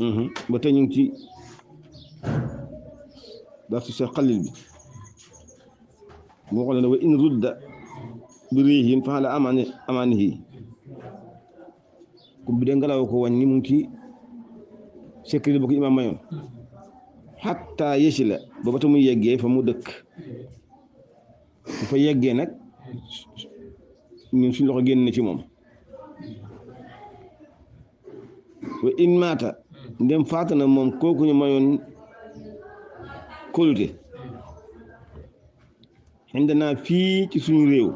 Mm-hmm. ba te ñu ngi ci darsu Cheikh Xalil bi moo xool ne wa in rudda bi riihin fa ala amaani amaanihi kum bi de ngelaw ko wàññi mu ngi ci sécurité ba ko imaam mayoon xatta yési la ba ba te yeggee fa mu dëkk su yeggee nag ñun suñ loxo génn ci moom wa in maata ndem faata na moom kooku ñu mayoon kóolute xëy na fii ci suñu réew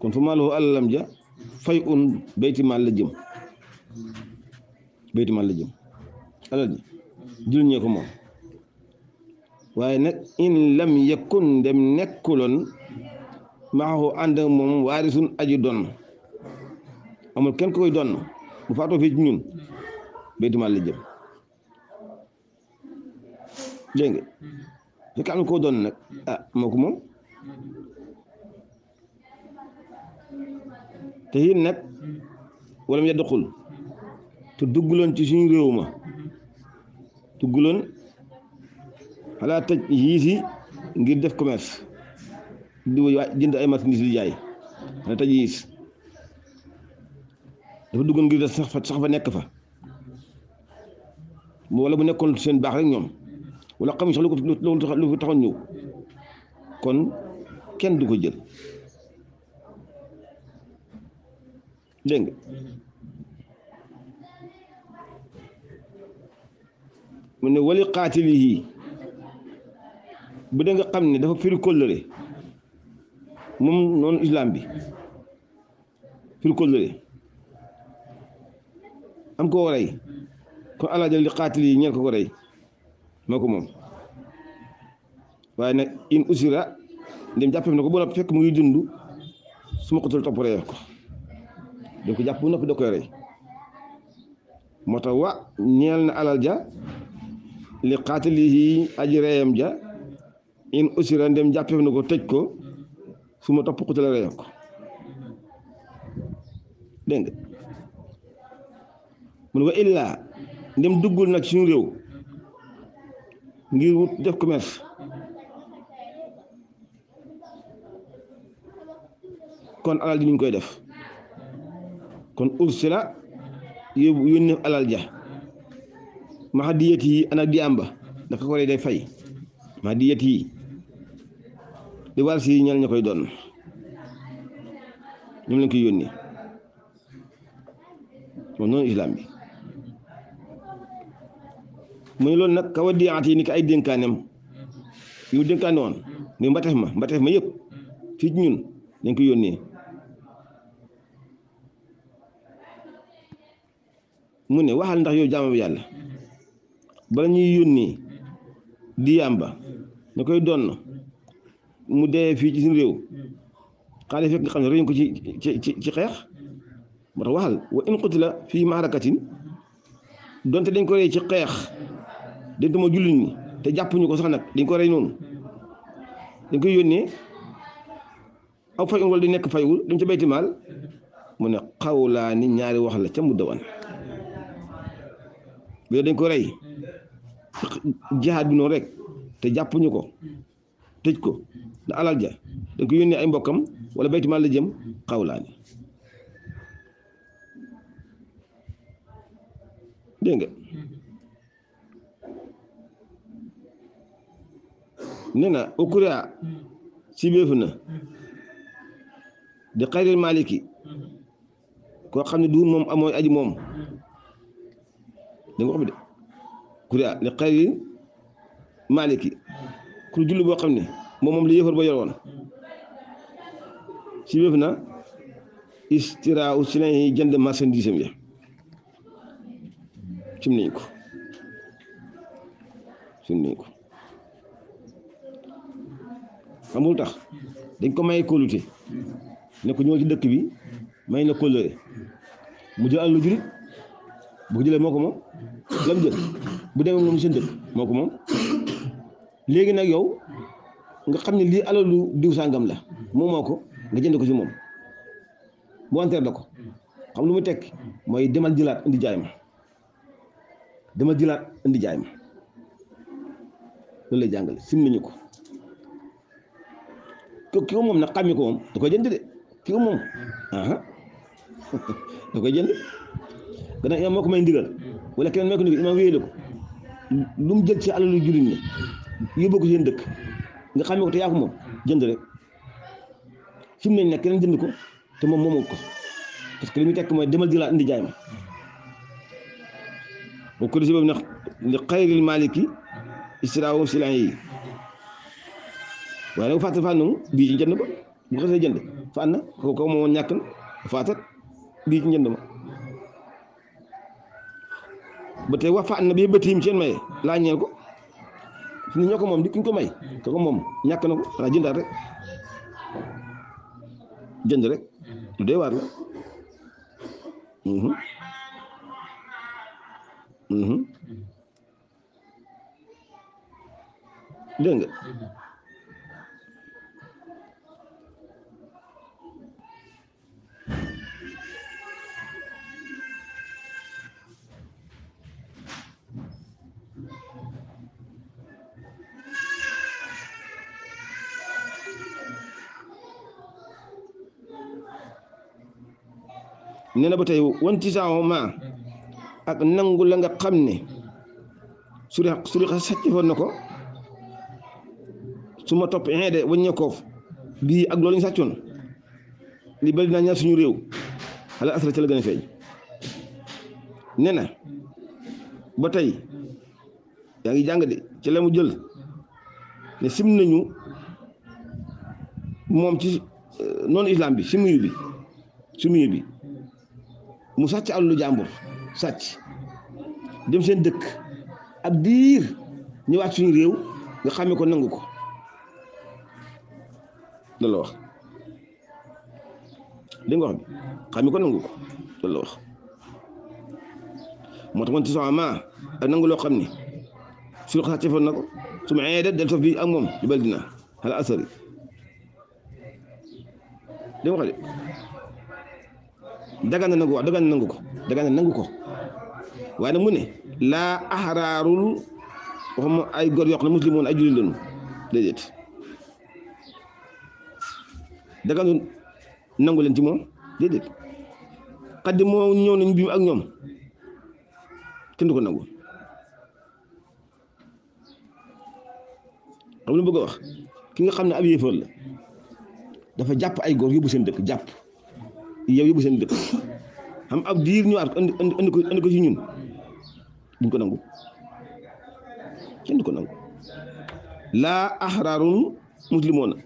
kon fa maa lahu alalam ja fay un bayti maal la la jëm alal ji jul ñee ko moom waaye nag in lam yakun dem nekkuloon maaxu ànd moom waarisun aju doon amul kenn ku koy donn bu faatoo fii ci ñun baytu maal la jëm fekk am na koo donn nag ah moo ko moom te yéen nag wala mu doxul te dugguloon ci suñu réew ma dugguloon xalaa tëj yii si ngir def commerce di jënd ay marchandise di jaay xanaa tëj yiis dafa duggoon ngir da sax fa sax fa nekk fa wala bu nekkoon seen baax rek ñoom wala xamuñ sax lu ko lu fi taxoon ñëw kon kenn du ko jël dégg nga mu ne wali xaatili yii bu dee nga xam ne dafa firi kóllëre moom noonu islam bi firi kóllëre am koo rey kon allah jël li xaatil ñeel ko ko rey moo ko moom waaye nag in usira dem jàppee na ko bu noppi fekk mu ngi dund su ma ko tul topp reyoo ko ko jàpp bu noppi rey moo tax wa ñeel na alal ja li xaatil yi aji reyam ja in usira dem jàppee na ko tëj ko su ma topp xutal reyoo ko nga mun wa illaa ndem duggul nag suñu réew ngir wut def commerce kon alal ji nuñ koy def kon ursila yóbbu yónni alal ja maxadiyat yi ana di amba dafa ko day fay maxadiyat yi di war si ñal ña koy doon ñoom lañ koy yónni moom noonu islam bi mu ne nag kaw a ay dénkaaneem yu mu woon mm. muy ma mbateef ma yëpp mm. fii ñun dañ ko yónnee mu ne waxal ndax yow jaamam yàlla mm. bala ñuy yónnee diyaam ba ñu koy donn mu dee fii ci suñu réew xaalis fekk nga xam ne rëñ ko ci ci xeex moo tax waxal wa in qutila fii maarakatin donte dañ ko rey ci xeex dañ dama jullit ñi te jàppuñu ko sax nag dañ ko rey noonu dañ koy yónnee aw fay wala di nekk fayul dañ ca bayti maal mu ne xawlaa ni ñaari wax la ca mu dawan bu dañ ko rey jihaad noonu rek te jàppuñu ko tëj ko na alal ja dañ ko yónnee ay mbokkam wala bayti maal la jëm xawlaa nga nee na ukura si na di xayril maliki koo xam ne duur moom amooy aji moom da nga wax bi de kuria li xayril maliki ku julli boo xam ne moom moom li yëfar ba yoroon si béef na istiraaw si nañ jënd marchandise ya sim nañ sim nañ xamul tax dañ ko may kóolute ne ko ñëw ci dëkk bi may na kóllëre mu jël àllu jurit bu ko jëlee moo ko moom la mu jël bu demee moom seen dëkk moo ko moom léegi nag yow nga xam ne lii alalu diw sàngam la moom moo ko nga jënd ko si moom mu wanteer la ko xam lu mu tekk mooy demal jëlaat indi jaay ma demal jëlaat andijaay jaay ma loolu jàng jàngale sim ko ki ko moom nag xamee ko moom da koy jënd de ki ko moom aha da koy jënd gannaaw imaam moo may ndigal wala keneen moo ko ndigal imaam wéyale ko lu mu jël ci alalu jullit ñi yóbbu ko seen dëkk nga xamee ko te yaa ko moom jënd rek fi ne nag keneen jënd ko te moom moomut ko parce que li muy tekk mooy demal di laa indi ma bu ko defee boobu nag li xayril maaliki istiraawu silaan yi waaye nag fàttal fànn moom bii ci njënd ba bu xasee jënd fànn ko ko moom ñàkk na fàttal bii ci njënd ma ba tey wax fànn bi ba tiim seen maye laa ñeel ko ni ñoo ko moom di kuñ ko may ko ko moom ñàkk na ko xanaa jëndaat rek jënd rek lu dee waar la mhm. Mhm. dégg nga nee na ba tey wanti saaw ma ak nangu la nga xam ne suri surixa sàccoon na ko su ma topp xeede waññe koof bii ak loolu ñu sàccoon li bari naa ñaar suñu réew ala asra ca la gën a feeñ nee na ba tey yaa ngi jàng de ci la mu jël ne sim nañu moom ci euh, noonu islam bi si muyu bi si bi mu sàcc lu jàmbur sàcc dem seen dëkk ab diir ñëwaat suñu réew nga xàmme ko nangu ko loolu la wax li nga wax bi xàmme ko nangu ko loolu la wax moo tax man ci sama maa ak nangu loo xam ne suñu xalaat defoon na ko su ma eedee del sof bi ak moom li bal dina xala asari dégg nga wax dagan na nangu wax dagan na nangu ko dagan na nangu ko waaye nag mu ne laa axraarul waxuma ay góor yoo xam ne muslimoon ay jullit lañu déedéet daganu nangu leen ci moom déedéet xaddi moo ñëw nañu bi ak ñoom kenn du ko nangu xam lu bëgg a wax ki nga xam ne ab yéefar la dafa jàpp ay góor yóbbu seen dëkk jàpp yow yobu sen dëkk xam ab diir ñu ak and and ko and ko ci ñun buñ ko nangu kenn ko nangu la axraarun muslimuna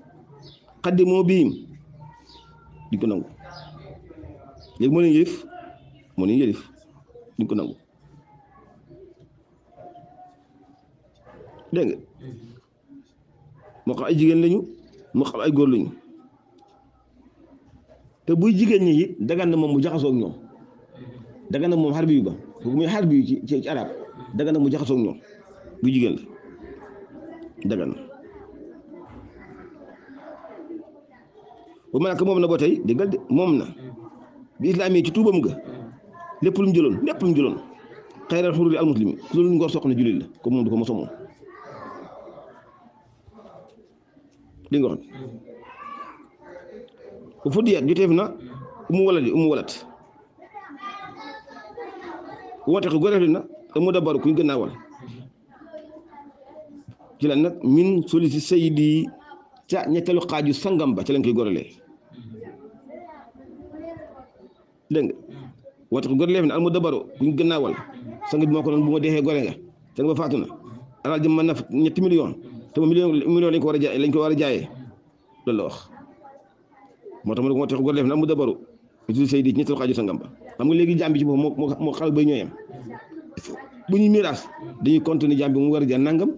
qaddimu bihim di ko nangu léegi mo leen yef mo leen yef di ko nangu deng mo xam ay jigen lañu mo xam ay gor lañu te buy jigéen ñi it dagan na moom mu jaxasook ñoom dagan na moom xar bi yu ba muy xar bi yu ci ci arab na mu jaxasoo ak ñoom bu jigéen la dagan na bu ma nag moom na ba tey déggal de moom na bi islaam yi ci tuubam ga lépp lu mu jëloon lépp lu jëloon xayral xuruli al muslimi ku loolu ngor soxna jullit la comme moom du ko moso moom li nga fuddiyat joteef na umu waladi umu walat wooteeku goreef na umu dabaru kuñ gannaawal ci lan nag min solisi sayidi ca ñetteelu xaaju sangam ba ci lañ koy gorelee dégg nga wooteeku goreef na umu gannaawal sang bi moo ko doon bu ma deexee gore nga te ba faatu na alal jëm mën na ñetti million te ba million million lañ ko war a jaay lañ ko war a jaayee loolu moo tax mu ne ko moo tax na mu dabaru mu tudd say di ñetti xaaju xam nga léegi jàmbi ci boppam moo moo moo bu ñuy miraas dañuy continuer jàmbi mu war a jar nangam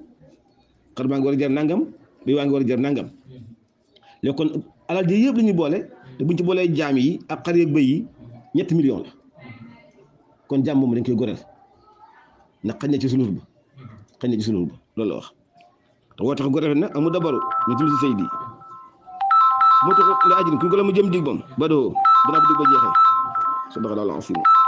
xar baa nangam bay waa nangam léegi kon yëpp la boole te buñ ci boolee jaam yi ak xar ñetti million la kon koy goreel ndax xañ na ci suluf ba xañ na ci suluf ba loolu la wax te woo goreel na amu dabaru mu tudd say di mu tëkk la ajrin ku ko la mu jëm dig bam ba doo bu naa ko dig ba a sadaqallaahu al